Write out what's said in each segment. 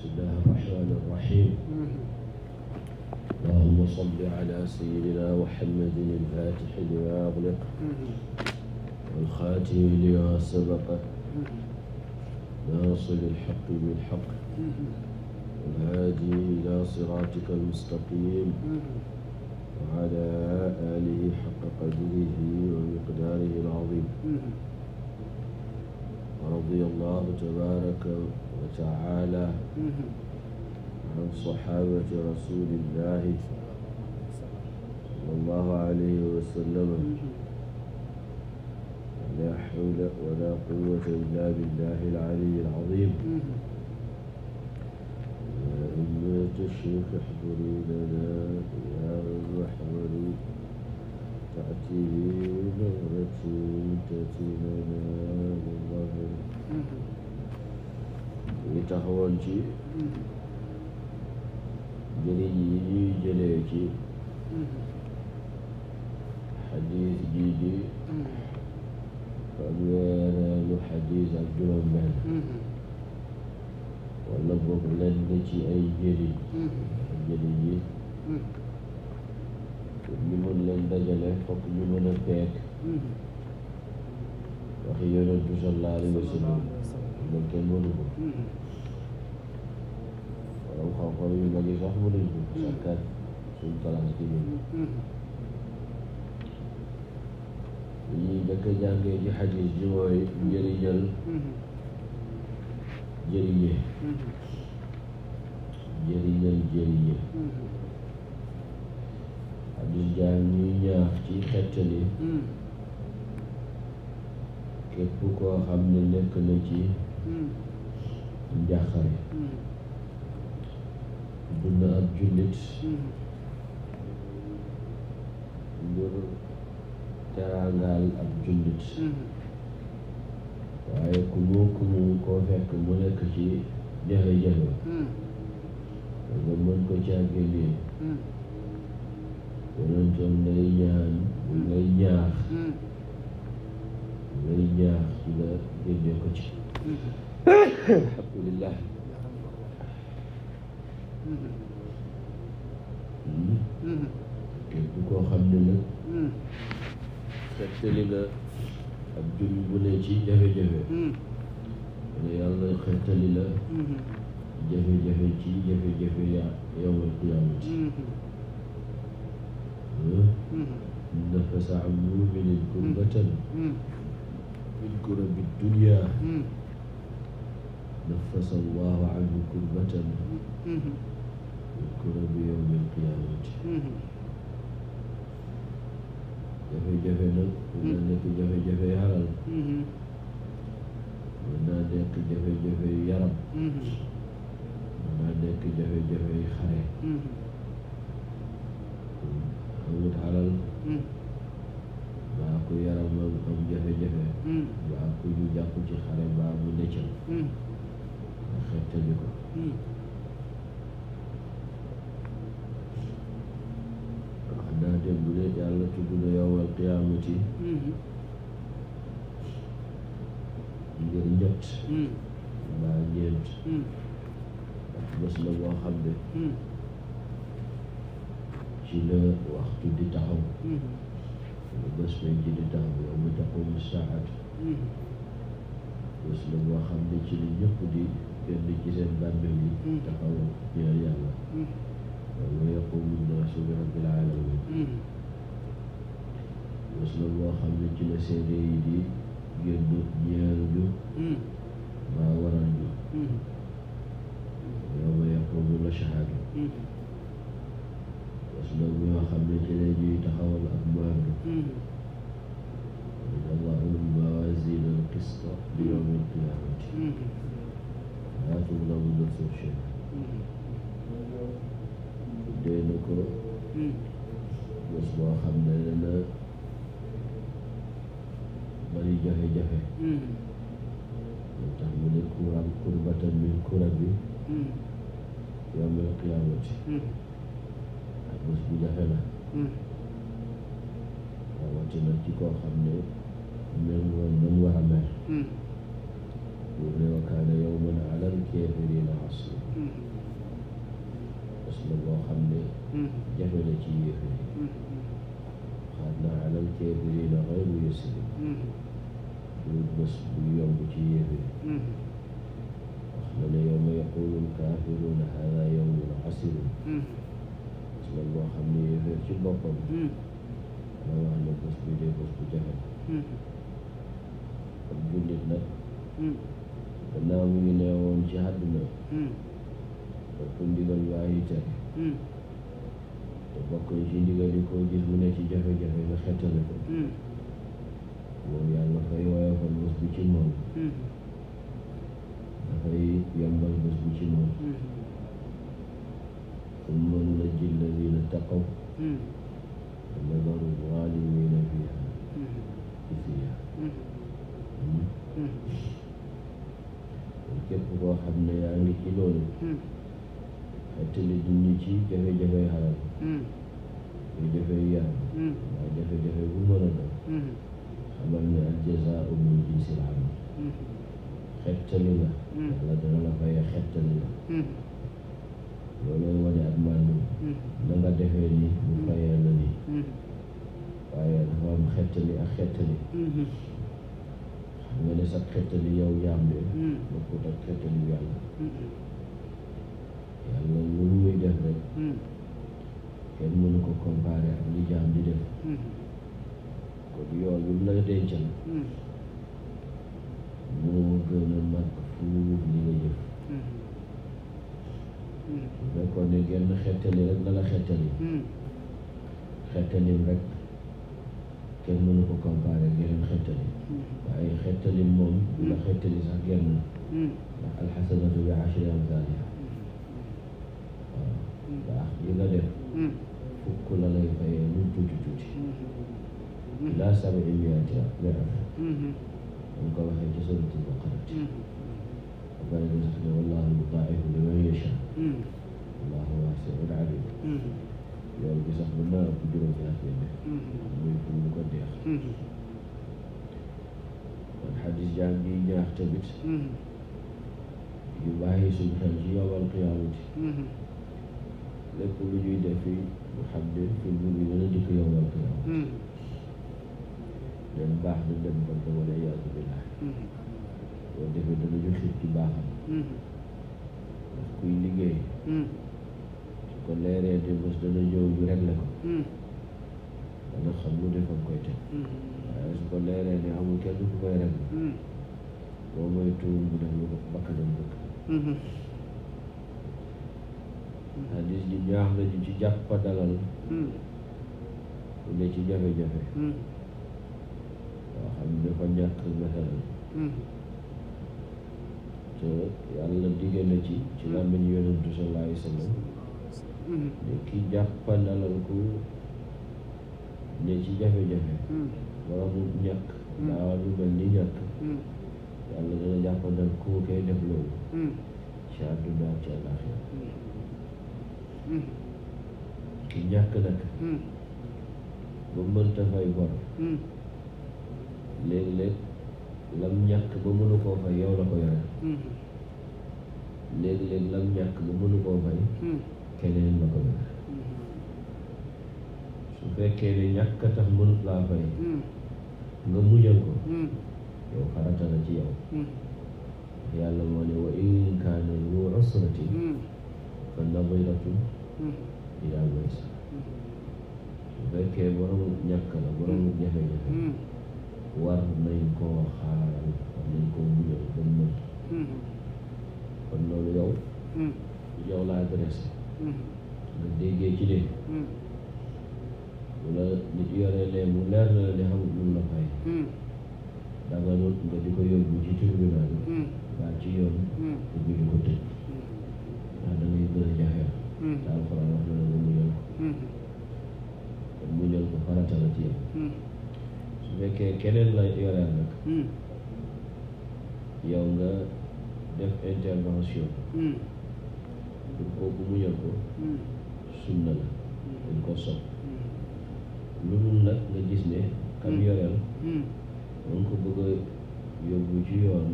bismillahi irrahmani irrahim allahuma salli ala sayidina muhammadin ilfatixi lima ugliq walxaatimi lima sabaqa naasiri ilxaqi bilxaq walhaadi ila siratika almustaqim وعلى آله حق قدره ومقداره العظيم ورضي الله تبارك وتعالى عن صحابة رسول الله صلى الله عليه وسلم ولا حول ولا قوة إلا بالله العلي العظيم إما تشرك احضروا لنا يا الرحمن تأتي بغرة تأتي لنا والله ngi taxawoon ci jëriñ yi ñuy jëlee ci xadiis ji ji fanweereelu xadiis ak juróom benn wala boog lenn ci ay jëriñ jëriñ yi pour ñu mën leen dajale fokk ñu mën a peek waxi yonentu sallallahu alayhi wa sallam loolu kenn mënu borom xam-xam yu mag yi sax mënuñ ko sakkat suñ place ci ñun li ñuy njëkk a jàngee ci xadis ji mooy njëriñal jëriñe jëriñal jëriñe xadis jaan ñuy ñaax ci xettali képp koo xam ne nekk na ci njàqare dund ak jullit hmm. ngir teraangaal ak jullit hmm. waaye ku mu koo fekk mu nekk ci jafe-jafe hmm. nga mën ko caagelee yonentam lay ñaan lay ñaax lay ñaax ci nga génne ko ci alhamdulillah képp koo xam ne nag xettali nga ak jur bu ne ci jafe-jafe ne yàlla xettali la jafe-jafe ci jafe-jafe yaa yowmal qiyaamati nafasa an muminin kurbatan min kurabi dunya nafasa allahu anhu kurbatan koroog bi yawmal qiyaamati jafe-jafe nag mën naa nekk jafe-jafe yi alal mën naa nekk jafe-jafe yi yaram mën naa nekk jafe-jafe yi xare amut alal baa ku yaram am am jafe-jafe baa ku ñu jàpp ci xare baa mu neccal nga xettali ko démb de yàlla tudd na yowmal qiyaamati ngir ñett mbaa ñeent ndax mm-hmm. bés xam ne mm-hmm. ci la di taxaw lu mm-hmm. bés di taxaw yawma taqumu saa'atu bés la boo xam ci la ñëpp di génn ci seen bàmmeel yi taxaw yawma yaqumu naasu bi rabbil alamin bés la boo xam ne ci la seede yi di génn ñeel ju boo xam ni réer hmm. ci boppam mooy wax ne bés bi dee bés bu jafe hmm. nag hmm. gannaaw mu ngi nee woon ci àdduna topp ndigal waayi tere te bokk ci ndigal yi koo gis mu ne ci jafe-jafe nga xettale ko moom yàlla fay woyofal bés ci moom dafay yombal bés bi ci moom ثم ننجي الذين اتقوا ونذر الظالمين فيها جثيا képp koo xam ne yaa ngi ci loolu xettali dund ci jafe-jafe xaral jafe-jafe yaram waaye jafe-jafe bu mën a doon xamal ne al jazaau min jinsil amal xettali la yàlla dana la fay xettali la loolooy wane ak màndu mm-hmm. na nga defee ni ñu mm-hmm. fayee la ni mm-hmm. waaye dafa am xettali ak xettali xam nga ne sax xettali yow jaam bi bokkut ak xettali yàlla ko comparer ak li jaam di def kon yoon bi mu la dencal moo gën a mag fuuf fekkoon hmm. ne genn xettali rek nga la xettali hmm. xettali rek kenn mënu ko comparé ak yeneen xettali hmm. waaye xettali moom nga xettali sax genn la ndax alxasanatu bi ashri amsaaliha waaw baax li nga def fukk la lay fayee lu tuuti tuuti laa sabi imiati def dañ ko waxee ci suratul baqara ولا يسر والله مضاعف لمن يشاء الله واسع عليم loolu bi sax mën naa ëpp juróomi at ngeen def muy pour lu ko deex kon xadis jaan bi ñaax tamit ñu bàyyi suñu xel ci yowmal qiyaamati lépp lu ñuy def fi mu xam ne fi mu ngi gën a dikk yowmal qiyaamati dem baax na dem ban dama lay yàgg bi laay boo defee danañu xiir ci baaxam mm-hmm. ndax kuy liggéey mm-hmm. su ko leeree de bés dana ñëw ñu réglé ko mm-hmm. dana xam lu defam koy ko leeree ne amul kenn ku koy réglé boo mooy tuur bu def lu ko bakkanam bëgg hadis ji ñaax na ñu ci jàppa dalal ku ne ci jafe-jafe waa xam ne dafa ñàkk masalan te yàlla dige ci ci làmmiñ yonentu sallallahu alayhi wa sallam ne ki jàppandalal ko ne ci jafe-jafe waramu ñàkk daawa lu mel ni ñàkk yàlla dana jàppandal koo koy def loolu ci àdduna ci àllaaxira ki ñàkk nag ba mënta fay bor léeg-léeg lam ñàkk ba mënu koo fay yow la ko yore mm-hmm. léeg-léeg lam ñàkk ba mënu koo fay mm-hmm. keneen la ko yore mm-hmm. su fekkee ne ñàkk a tax mënut laa fay mm. nga muñal ko mm. yow farata la ci yow mm. yàlla moo ne wa in kaana lu usrati fa nadiratu ilaa maysara su fekkee borom ñàkk la borom jafe-jafe war nañ koo xaaral war nañ koo muñal ba mu mën hmm. kon loolu yow hmm. yow la adressé hmm. nga déggee ci ne bu la nit yoree lee mu leer na la ne xamut mun la fay danga nut nga di ko yóbbu ci tribunal waa ci yoon te ñu di ko tëj ndax da ngay gën a jafe te alxuraan na la nga muñal ko kon muñal ko farata la ci yow bu fekkee la yoreel nag hmm. yow nga def intervention pour hmm. kooku mu yëg ko hmm. sunna la dañ ko sopp loolu nag nga gis ne kam yoreel dañ ko bëgg a yóbbu ci yoon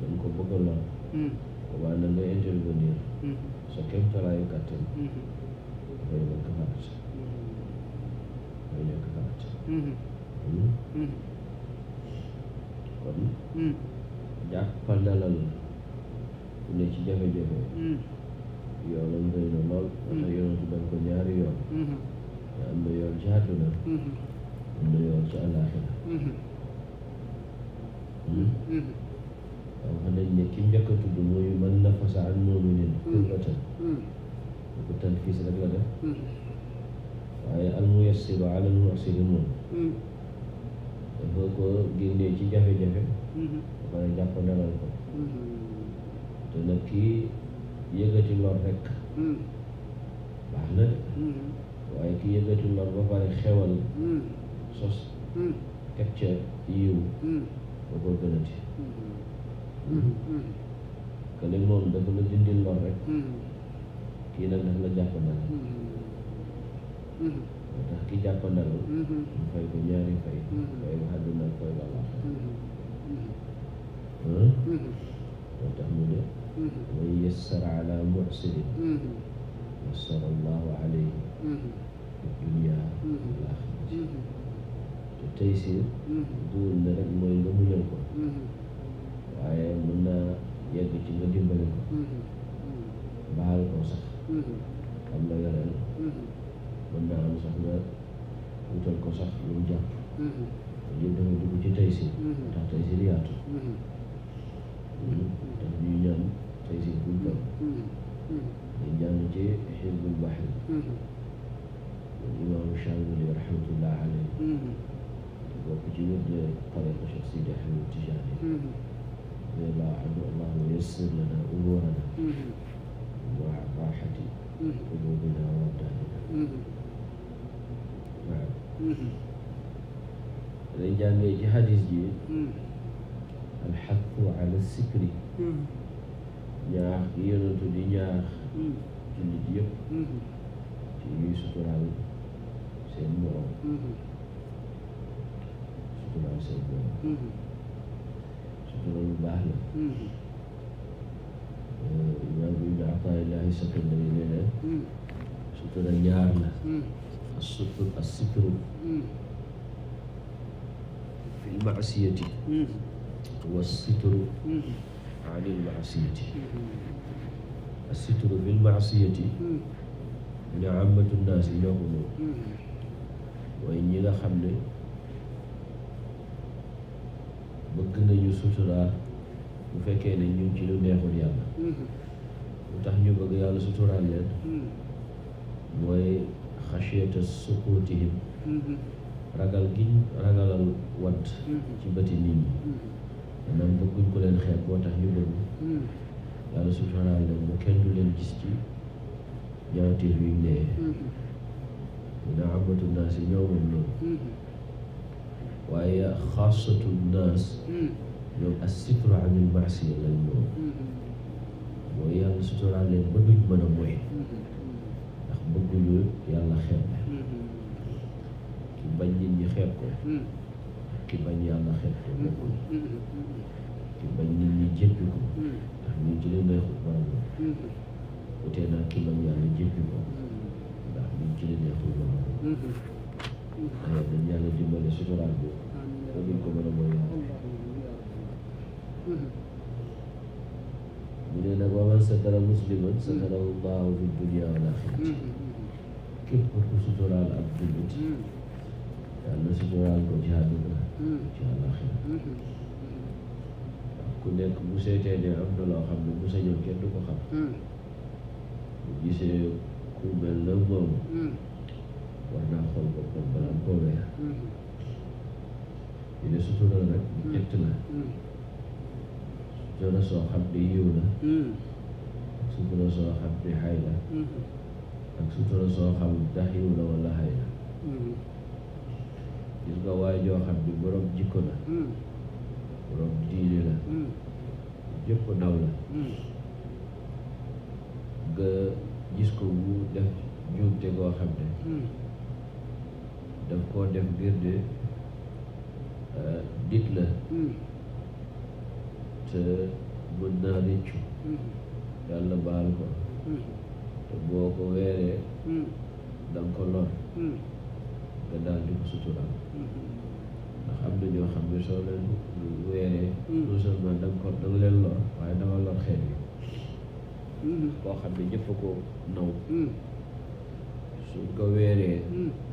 dañ ko bëgg a lor comment na nga intervenir sa kéemtalaayu kàttan dafay nekk xalaat dafay nekk xalaat Hmm. Hmm. kon hmm. jàppandalal ku ne ci jafe-jafe yoonam rëy na lool ndax yoonam ci dañ ko ñaari yoon am na ci àdduna am na yoon ci àllaaxira xam nañ ne ki njëkk a tudd mooy man nafasa an muminin kurbatan ku al muyassiru ala al muxsiri moom boo ko génnee ci jafe-jafe mhm. ba pare jàpp nelal ko mhm. te nag kii yëgati lor rek mhm. baax na waaye ki yëgati lor ba pare xewal sos teg ca yiw ba ko gënati kële moom dafa la dindi lor rek kii nag dafa la jàpp nelal moo tax ki jàppandalu mu fay ko ñaari fay fayu àdduna ak fayu àllaax moo tax mu ne man yassara ala muhsinin yassara allahu alayhi fi dunya wal aaxira te taysir duur na rek mooy nga muñal ko waaye mën naa yegg ci nga dimbali ko baal ko sax xam na yoreel mën naa am sax nga wutal ko sax lu mu jàpp yëpp danga dugg ci tey si ndax tey si yaatu ndax ñuy ñaan tey si buñ kam ñu ñaan ci xisbul baxri imaamu Shaamili rahmatullah alayhi bokk ci wird tariqa Cheikh Sidi Ahmed Tijani radiyallahu anhu allahumma yassir lana umuurana maa mm-hmm. raaxati quluubina wa abdaanina Mm-hmm. dañ jàngee ci hadis ji mm. alxaqu ala sikri mm. ñaax gi yonentu di ñaax mm. jullit yëpp mm-hmm. ci ñuy suturaal seen borom mm-hmm. suturaal seen borom sutura lu baax la imaam ibn ataillahi sakandari nee na sutura ñaar la asukru asukru hmm. fi lmaasiyati hmm. wa sitru hmm. an ilmaasiyati asitru fi lmaasiyati mu ne amatu naas yi ñoo ko ñi nga xam ne bëgg nañu suturaa bu fekkee ne ñu ngi ci lu neexul yàlla lu tax ñu bëgg yàlla suturaal leen mooy xasiyata sukuutihim mm-hmm. ragal gi ñu ragalal wat mm-hmm. ci bëti nit ñi mm-hmm. maanaam bëgguñ ko leen xeeb boo tax ñu bëgg yàlla subhaanahu wa taala kenn du leen gis ci ñaawtiir yu ñu dina amatu naas yi ñoo loolu waaye xaasatu naas ñoom assitru anil maasiya lañ moom mooy yàlla suturaal leen ba duñ mën a moy bëgg ñu yàlla xeeb ki bañ nit ñi xeeb ko ki bañ yàlla xeeb ko bokkul ki bañ nit ñi jéppi ko ndax ñu ci li neexul borom la utee nag ki bañ yàlla jéppi ko ndax ñu ci li neexul borom la dañ yàlla dimbale suturaal bi ko duñ ko mën a mooy yàlla satara musliman satarahu llaahu fi dunya wal aaxirati képp ku suturaal ab ko ci àdduna ku nekk bu seetee ne am na loo bu sañoon kenn du ko xam bu gisee ku mel na moom war naa xool boppam balaa koo weer ñu ne sutura nag la sutura soo xam ne yiw la sutura soo xam ne xay la mm-hmm. ak sutura soo xam ndax yiw la wala xay la mm-hmm. gis nga waay joo xam ne borom jikko la mm. borom diine la mm. jëpp naw la mm. nga gis ko mu def njuumte goo xam ne daf koo def ngir ne euh, nit la te mën naa réccu mm-hmm. yàlla baal ko hmm. te boo ko weeree hmm. da ko lor hmm. nga daal di ko suturaal ndax am na ñoo xam ne soo leen weeree non seulement da ko da nga leen lor waaye koo xam ne ñëpp ko naw suñ ko weeree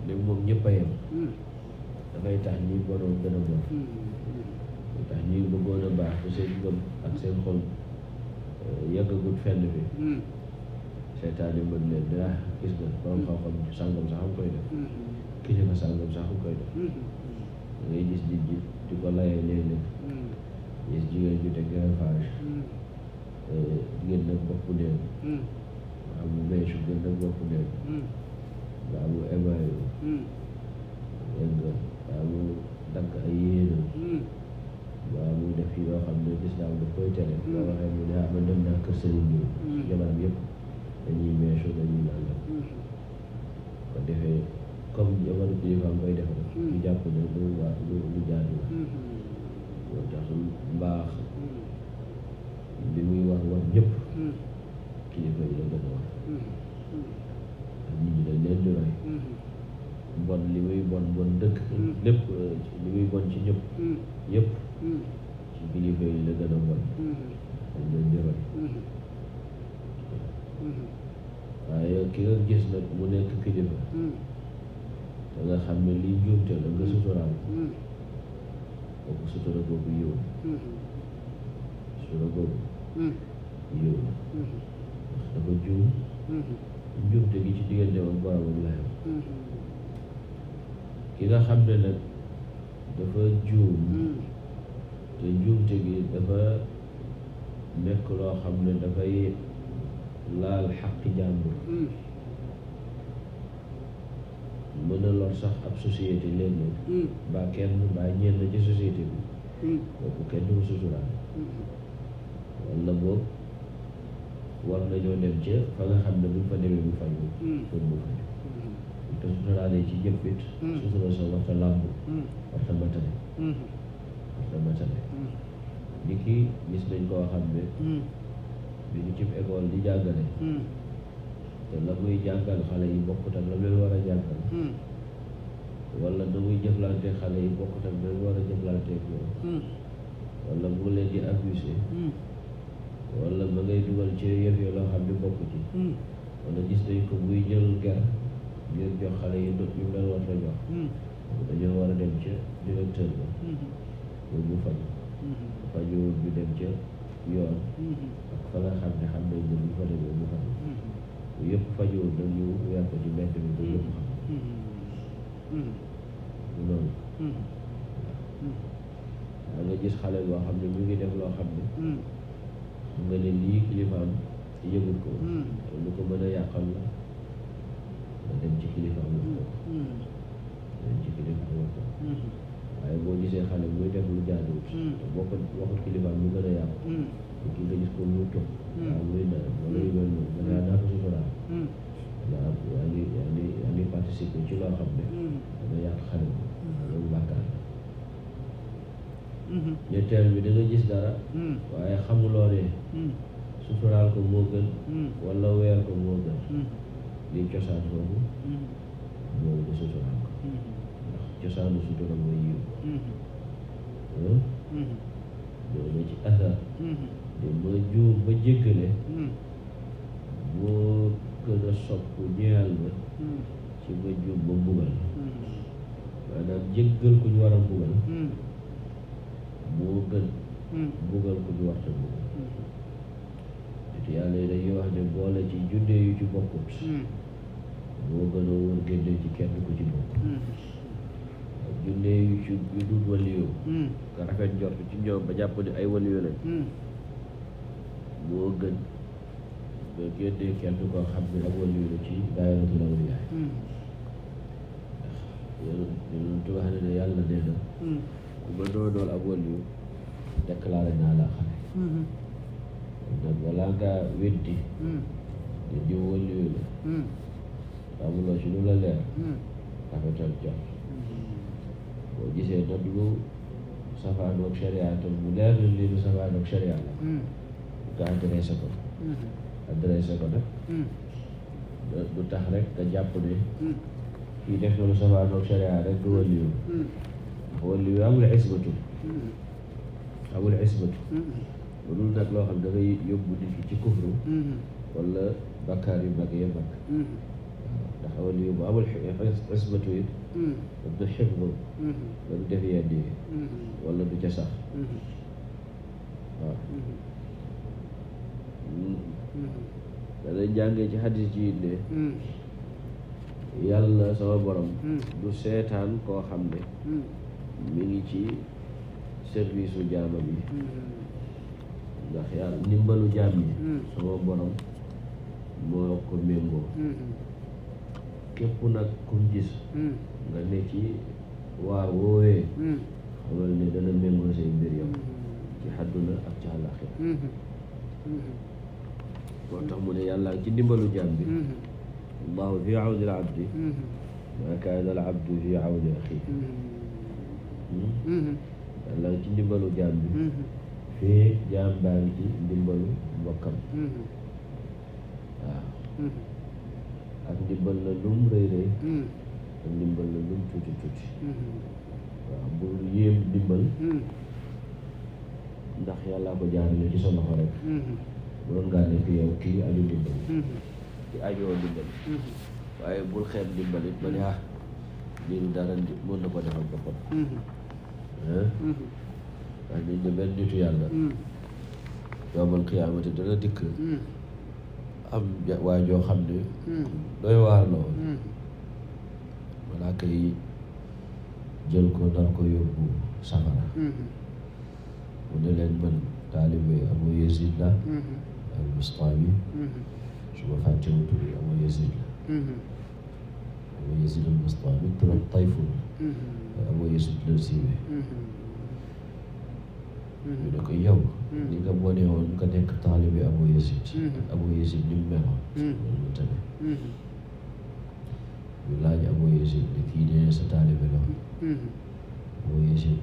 ne moom ñëpp a yem dafay tax ñuy bonoon gën a bon tax ñuy bëggoon a baax ko seen gëm ak seen xol yàggagul fenn bi hmm. seytaan yi mën leen dina ah, gis nga borom hmm. xam-xam sàngam sax am koy def kilifa hmm. sàngam sax am koy def ngay gis nit ji di ko layee léeg-léeg gis jigéen ju teg greffage génn bopp neen nga am mèche génn bopp neen nga am émaillé dégg nga nga am dagg ay yéenam wala muy def yoo xam ne lislaam daf koy tere boo waxee mu ne ah man dem naa kër sëriñ bi jabaram yëpp dañuy meesu dañuy nangam ko defee comme jamono kilifaam koy def rek ñu jàpp ne lu waa lu lu jaadu la moo tax mbaax bi muy war war ñëpp kilifa yi la gën a war ak nit ñi dañ leen di roy bon li muy bon bon dëkk lépp li muy bon ci ñëpp yëpp ki nga nekk kilifa hmm. nga xam ne lii njuumte la hmm. hmm. dafa juum njuumte gi ci xam ki nga te gi dafa nekk loo xam ne dafay laal xaqi jàmbur mën a lor sax ab société léeg-léeg hmm. mbaa kenn mbaa ñenn ci société bi hmm. kooku kenn du suturaal hmm. wala boog war nañoo dem ca fa nga xam ne buñ fa demee bu fayu pour mu fayu te suturaalee ci jëpp it sutura sa waxta làmb waxta matale waxta matale ni ki gis nañ koo xam ne bi ñu cib école di jàggale te la muy jàngal xale yi bokkutam la leen war a jàngal hmm. wala da muy jëflante xale yi bokkut ak leen war a jëflante ñoom hmm. wala bu leen di abusé hmm. wala ba ngay dugal ci yëf yi loo xam ne bokk ci wala gis nañ ko muy jël ger ngir jox xale yi dot ñu leen war a jox dañoo war a dem ca directeur ba pour ñu faj fajowul bi dem ca yoon fa nga xam ne xam nañ ne bu fa demee bu faj bu yëpp fajoo dañu weer ko ci mi ba yëpp xam hmm. Hmm. Hmm. nga gis xale boo xam ne mu ngi def loo xam ne nga ne lii kilifaam yëgul ko lu ko mën a yàqal la nga dem ci kilifaam wax ko dem ci kilifaam waaye boo gisee xale muy def lu jaaduwut waxut kilifaam mu gën a yàqu te ki nga gis ko mu toog Moulina wala yu mel noonu da ngaa suturaa yaa yaa ngi yaa ngi yaa ngi participé ci loo xam ne dana yàq xarit bi loolu bàkkaar la bi da nga gis dara waaye xamuloo ne ko moo gën wala weer ko moo gën li cosaan boobu moo nga suturaal cosaanu sutura mooy yiw loolu ci asar te ma juum ba jéggale moo gën a sopp ñeel ma ci ma juum ba mbugal maanaam jéggal ku ñu war a moo gën mbugal ku ñu warta mbugal te yàlla yi dañuy boole ci junne yu ci bokkut moo gën a wóor génne ci kenn ku ci bokk junne yu ci yu dul waliyo nga rafet njort ci ñoom ba jàpp ne ay waliyo lañ moo gën nga génnee kenn koo xam ne ak wàllu yu ci daayiratul awliya hmm. yonent wax ne ne yàlla nee na hmm. ku ma doonool ab wàllu déclaré naa la xale hmm. nag balaa ngaa weddi ne diw wàllu yu la amuloo ci lu la leer rafetal jot boo gisee nag lu safaan ak sharia te mu leer na lii lu safaan ak sharia la nga adressé ko adressé ko nag du tax rek nga jàpp ne mm-hmm. kii def na lu safaanoog rek du waliyu waliyu mm-hmm. amul isbatu mm-hmm. amul loo yóbbu nit ci kufru wala bakkaar yu mag ya mag ndax waliyu bu amul isbatu it du xifdu da ca sax waaw danañ jàngee ci xadis ji it ne yàlla sama borom du seetaan koo xam ne mi ngi ci service u jaamam yi ndax yàlla ndimbalu jaam yi sama borom moo ko méngoo képp nag kum gis nga ne ci waar woowee xamal ne dana méngoo say mbir yow ci xadduna ak ci àllaaxira moo tax mu ne yàlla ci dimbalu jaam bi mm-hmm. allahu fi awdi al abdi maa mm-hmm. kaana al abdu fi awdi axi mm-hmm. ci dimbalu jaam bi waaw ak ndimbal la lum rëy rëy ak ndimbal la lum tuuti tuuti waaw bu yéem ndimbal ndax yàllaa ko jaarale ci sa loxo mënoon ngaa nekk yow kii aju dimbali mhm. ki ajoo dimbali mhm. waaye bul xeeb dimbali ba ne ah lii du dara mën na ko defal boppam mhm. waaye nit ñi benn nitu yàlla yowmal qiyaamati dana dikk am waa joo xam ne doy waar la woon malaaka yi jël ko nar ko yóbbu safara mu ne leen man taalibe Abu Yazid la البسطامي شو وفاة جوته أبو يزيد أبو يزيد البسطامي ترى طيفون أبو يزيد لوسيبي ñu ne ko yow li nga bone woon nga nekk taalibi Abu Yazid mm-hmm. Abu Yazid ni mu meloon loolu tane ñu laaj Abu Yazid ne kii nee sa taalibi la mm-hmm. Abu Yazid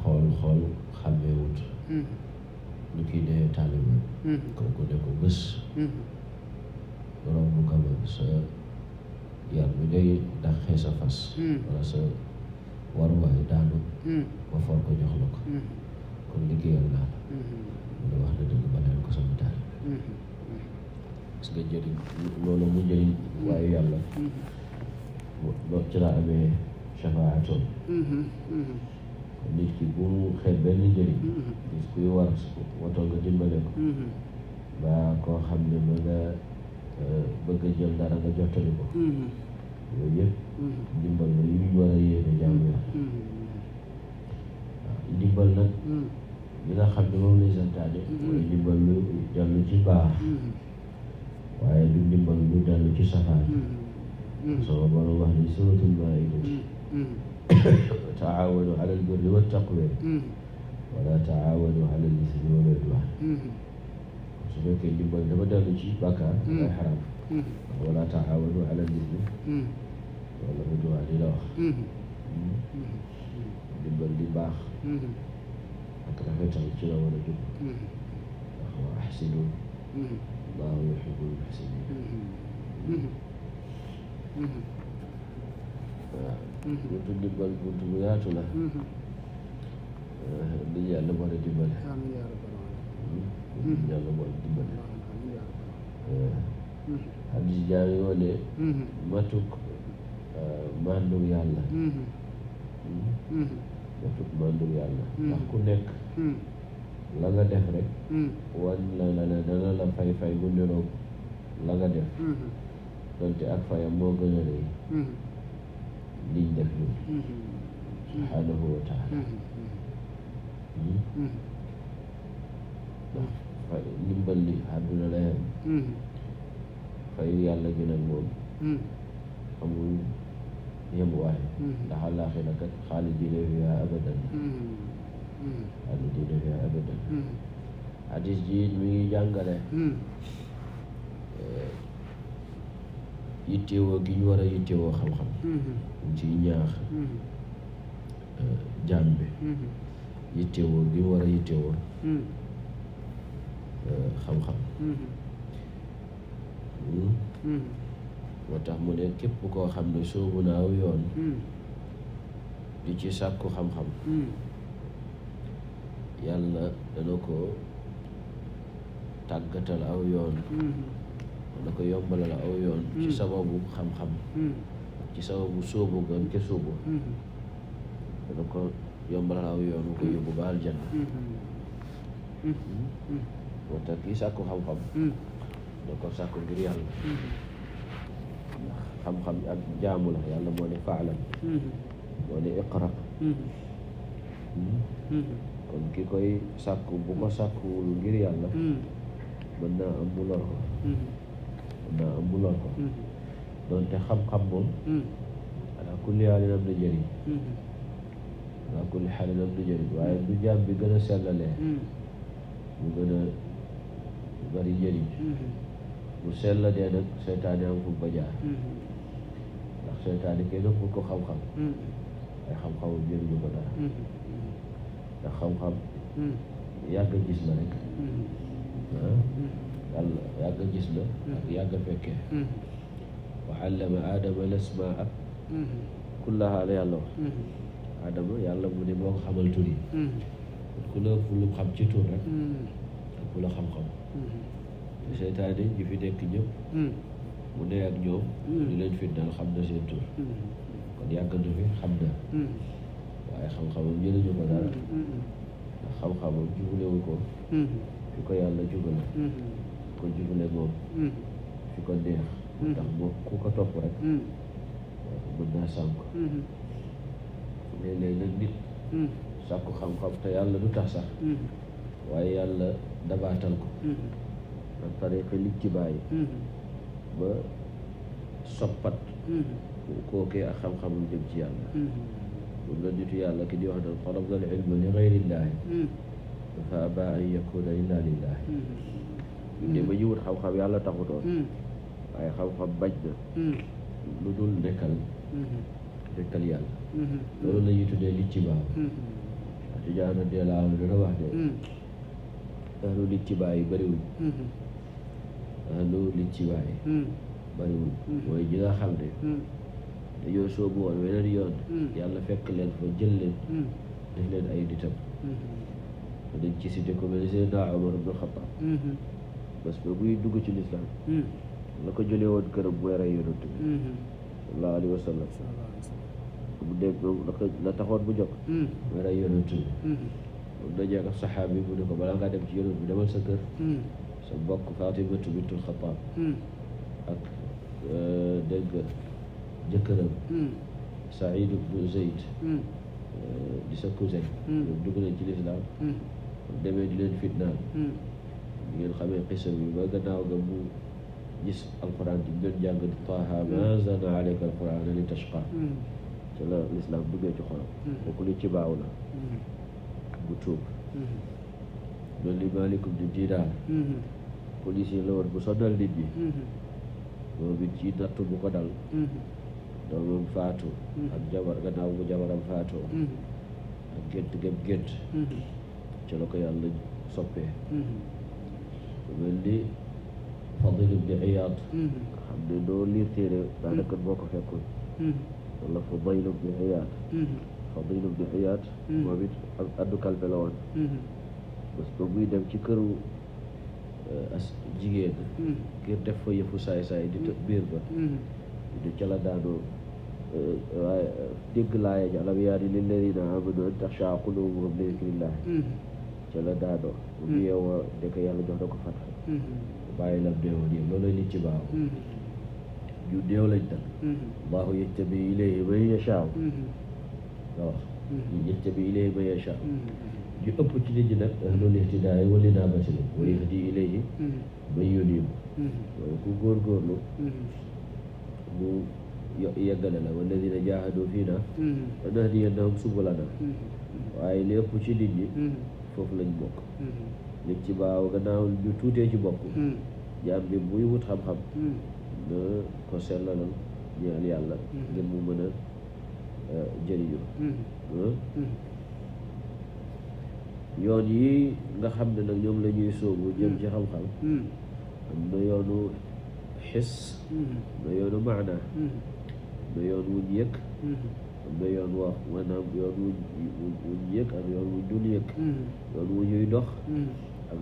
xool xool xàmmeewut lu kii dee taalibe kooku ne ko bés borom bu kama sa yar bi ngay daqee sa fas wala sa waruwaay daanu ba for ko jox la ko kon liggéeyal naa la mu ne wax na dëgg ba leen ko sama taalibe parce que njëriñ loolu mu njëriñ waaye yàlla loolu ci laa amee shafaatoon te nit ki bu mu benn njëriñ mm-hmm. gis kuy war woto nga dimbale ko mm-hmm. ba koo xam ne ma nga euh, bëgg a jël dara nga jottali ko mm-hmm. yooyu yëpp ndimbal nag li nga xam ne moom lay santaane mooy ndimbal lu dellu ci baax waaye du ndimbal lu dellu ci safaan sama borom wax ni suratul maayida wa taawanu ala albirri wa taqwa wala taawanu ala lismi wal udwan su fekkee ndimbal dafa dellu ci bàkkaar day xaraam wala taawanu ala lismi wala udwan li la wax baax ak rafetal ci la war a jub ndax wa axsinu allahu yuhibbul muxsinin Mm-hmm. buntu ndimbal buntu bu yaatu la li mm-hmm. eh, ñu yàlla war a dimbale li ñu yàlla war a dimbale hadis jaam yoo màndu yàlla mm-hmm. matuk màndu yàlla ndax ku nekk la nga def rek wan la la ne dana la fay fay bu niroog la nga def donte ak fayam moo gën a rëy liñ def loolu mm-hmm. subhanahu wa taala mm-hmm. hmm? mm-hmm. li àdduna la yem fayu yàlla gi nag moom amul yem waaye ndax àllaaxira kat xaalidiina fiihaa abadan xaalidiina fiihaa abadan hadis ji mi ngi jàngale eh, yittewoo gi ñu war a yittewoo xam-xam ñu mm-hmm. ñaax jaam mm-hmm. euh, bi mm-hmm. yittewoo gi ñu war a yittewoo euh, xam-xam hmm? moo tax mu ne képp koo xam ne soobu naaw yoon di ci sàkku xam-xam yàlla dana ko tàggatal aw yoon Hmm. Hmm. Hmm. da ko yombalal aw yoon ci sababu xam-xam ci sababu sóobu gam ca sóobu da ko yombalal aw yoon bu ko ba aljanna moo tax kii sàkku xam-xam da ko sàkku ngir yàlla ndax ak jaamu la yàlla moo ne faalam moo ne iqra kon ki koy sàkku bu ko sàkkuwul ngir yàlla mën naa am bu lor ko mhm. doonte xam-xam moom mhm. ala kulli xaali nam du jëriñ waaye du jaam bi gën a sellalee mhm. mu gën a bari njëriñ bu sellalee nag seytaane am fu bajaar ndax seytaane kenn ëpp ko xam-xam ay xam-xamu jëriñu ko dara ndax xam-xam yàgg gis la rek ah. yàlla yàgg gis la ak yàgg fekkee wa allama aadama lasmaa ak kullaha la yàlla wax aadama yàlla mu ne moo ko xamal tur yi ku la ëpp lu xam ci tur rek ëpp la xam-xam seytaane ñi fi nekk ñëpp mu ne ak ñoom di leen fitnaal xam na seen tur kon yàgg na fi xam na waaye xam xam-xamam jubalewul ko fi ko yàlla jubale ko jubale moom mm. fi ko neex mm. ndax moom ku ko topp rek mm. mën naa sànk mm-hmm. léeg-léeg nag nit sàkku xam-xam te yàlla du tax sax mm-hmm. waaye yàlla dabaatal ko man tariqa lig ci bàyyi mm-hmm. ba soppat kookee ak xam-xamam jëm ci yàlla moom la nitu yàlla ki di wax naan talabna al ilma li gayrillaahi fa abaa an yakuna illaa lillaahi ne mm. ma yiwut xam-xam yàlla taxutoon mm. waaye xam-xam bañ na mm. lu dul nekkal nekkal mm-hmm. yàlla mm-hmm. loolu la ñuy ci baax mm-hmm. atijaana dee la am de ahlu ci baax yi bëriwul ahlu li ci baax yi bëriwul mooy ñi nga xam ne dañoo soobu woon weneen yoon yàlla fekk leen fa jël leen def leen ay nitam dañ ci cité comme Seydina Omar ibn Khattab parce que buy dugg ci lislaam hmm. la ko jëlee woon këram mooy rey yonent bi hmm. sallallahu alayhi wa sallam bu dégg la ko la taxoon bu jóg hmm. mooy rey yonent bi moom dajee ko mu ne ko balaa ngaa dem ci yonent bi demal sa kër sa mbokk Faatimatu bintul Xattaab ak euh, dégg jëkkëram euh, di sa cousin ñoom dugg nañ ci lislaam demee di leen bi ngeen xamee xisa bi ba gannaaw ga mu gis alquran di doon jàng di taaha mm. ma zana aleyka alquran li tashqa mm. te la lislaam duggee ci xolam kooku mm. ci baaw la bu tuub loolu li maalikum di diinaar police yi bu sonal nit ñi moom bu ko dal doomam faatu ak jabar gannaaw bu jabaram faatoo ak gént gëm gént ci la ko yàlla soppee mel ni Fadil ibni Iyaad nga mm-hmm. xam ne noo liir téere daanaka mm-hmm. boo ko fekkoon mm-hmm. wala Fadil ibni Iyaad Fadil ibni Iyaad moom it addu kalpe la woon parce buy dem ci këru euh, as jigéen ngir def fa yëfu saay-saay di tëb biir ba di ca la euh, waaye euh, dégg laaya ji alam yaa ni lilladiina aamanuu an taxshaa quluubuhum li dikrillaah te la daa dox bu yeewoo da ko yàlla jox da ko fàtte mm-hmm. bàyyi la deew ji loolu nit ci baaw mm-hmm. ju deew lañ tam mm-hmm. allahu yattabi ilayhi man yashaa la wax yattabi ju ëpp ci nit ñi nag loolu ihtidaay wala naa basili wala yahdi ilayhi man yunib waaye ku góorgóorlu mu yeggale la walladina jaahadu fii na lanahdiyannahum subulana waaye lépp ci nit ñi foofu lañ bokk lig mm-hmm. ci baaw gannaaw ñu tuutee ci bokk mm-hmm. jaam muy wut xam-xam mm-hmm. na ko sellalal ñaan yàlla ngir mu mën a eh, jëriñu yoon yi nga xam ne nag ñoom la ñuy sóobu jëm ci xam-xam am na yoonu xis na yoonu maana na yoon wuñ yëg am na yoon wax maanaam yoon wuñ wuñ yëg am yoon wuñ dul hmm. hmm. xam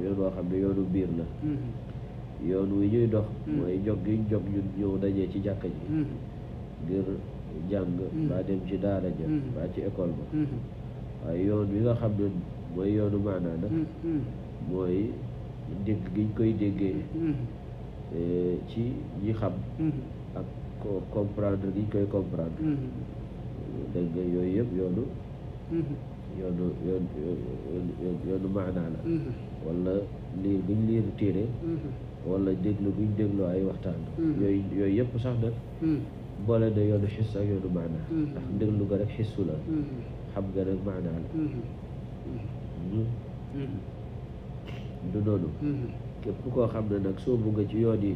ne yoonu biir la hmm. yoon wi ñuy dox mooy jog gi jog ñun ci jàkka ji dem ci daara ja ci école ba waaye xam ne yoonu maanaa nag mooy giñ koy déggee eh, ci ñi xam ak comprendre giñ koy comprendre dégg nga yooyu yëpp yoonu mhm. yoonu yoon yoonu maanaa la mhm. wala liir buñ liiru téere mhm. wala déglu buñ déglu ay waxtaan yooyu yooyu yëpp sax nag boole na yoonu xis ak yoonu maanaa ndax déglu nga rek xisu la xam nga rek maanaa la du noonu képp koo xam ne nag soobu nga ci yoon yi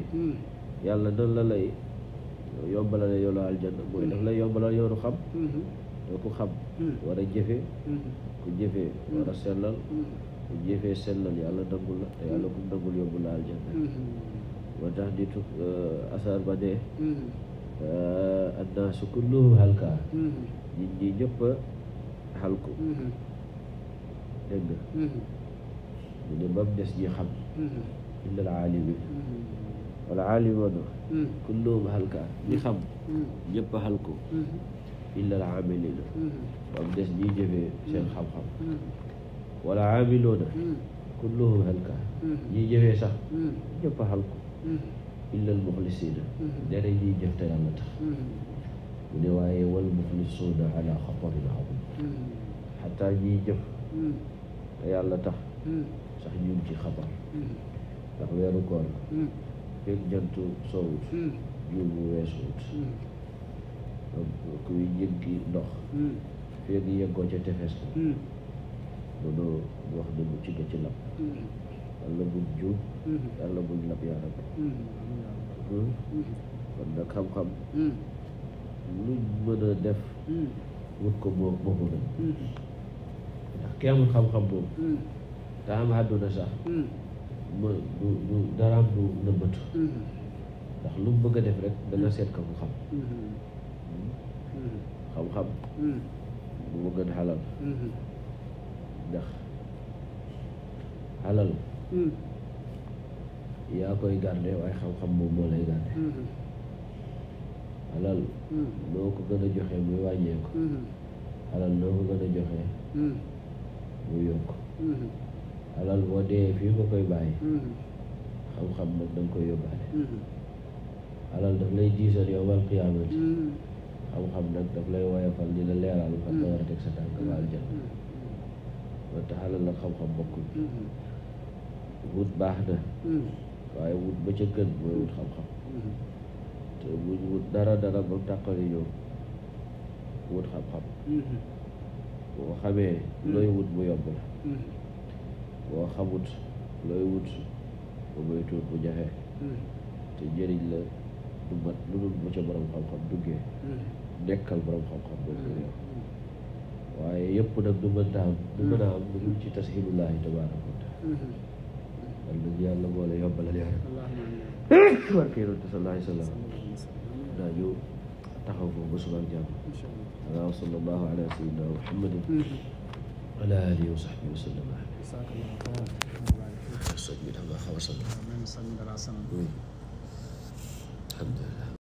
yàlla nan la lay yombalal yow la aljanna mm-hmm. mooy daf lay yombalal yoonu xam doo mm-hmm. ku xam mm-hmm. war a jëfe ku jëfe war a sellal ku jëfe sellal yàlla nangul la te yàlla ku nangul yóbbu la aljanna moo tax di tu euh, asar ba dee euh, annaasu kulluhum halkaa nit ñi ñëpp a xalku dégg nga ñu ne mam des ñi xam illa al aalimin wala aalimadu mm. kulluhum halka li xam mm. ñëpp halku mm-hmm. illa al aamilina mm-hmm. ba mu des ñiy jëfee seen mm-hmm. xam-xam wala aamiluuna kulluhum halka ñiy jëfee sax ñëpp halku illa al muxlisina dara ñiy jëf te yàlla tax mu ne waaye wal muxlisuuna ala xatarin azim xataa ñiy jëf te yàlla tax sax ñun ci xabar ndax weeru koor la fekk jant sowut juur hmm. bu weesuwut hmm. kuy jéggi ndox hmm. fekk yeggoo ca tefes la bu doo wax dëgg ci da ci lab yàlla buñ juum yàlla buñ lab yaa rabbi kon nag xam-xam luñ mën a def wut ko moom boobu la ndax ki xam-xam boobu te am àdduna sax ma du du daraam du nëbbatu mm-hmm. ndax lu mu bëgg a def rek dana seet ka ko xam xam-xam bu mm-hmm. mm-hmm. ma gën xalal ndax xalal mm. yaa koy garde waaye xam-xam moom moo lay garde xalal noo ko gën a joxe muy mm. wàññeeku xalal noo ko gën a joxe muy yokk alal boo dee fii nga koy bàyyi hmm. xam-xam nag da koy yóbbaale hmm. alal daf lay diisal yowmal qiyaamati hmm. xam-xam nag daf lay woyofal di la leeral fan nga a teg sa tànk ba aljanna ba tax alal nag xam-xam bokkul wut baax na waaye wut ba ca kër mooy wut xam-xam te buñ wut dara dara ba tàqali ñoom wut xam-xam boo xamee looy wut mu yomb la boo xamut looy wut ba mooy tuut bu jafe hmm. te njëriñ la du mat lu dul bu ca borom xam-xam duggee nekkal hmm. borom xam-xam boobu hmm. réew waaye yëpp nag du mënta du mën a am lu dul ci tasxilullaahi tabaaraka wa taala wal nañu yàlla moo la yombalal yàlla barke yonent sallallahu alayhi wa sallam daañu taxaw foofu ba suba ak jàmm ala sallallahu ala sayyidina muhammadin wa ala alihi sëñ bi da nga xaw a sonn. alhamdulilah.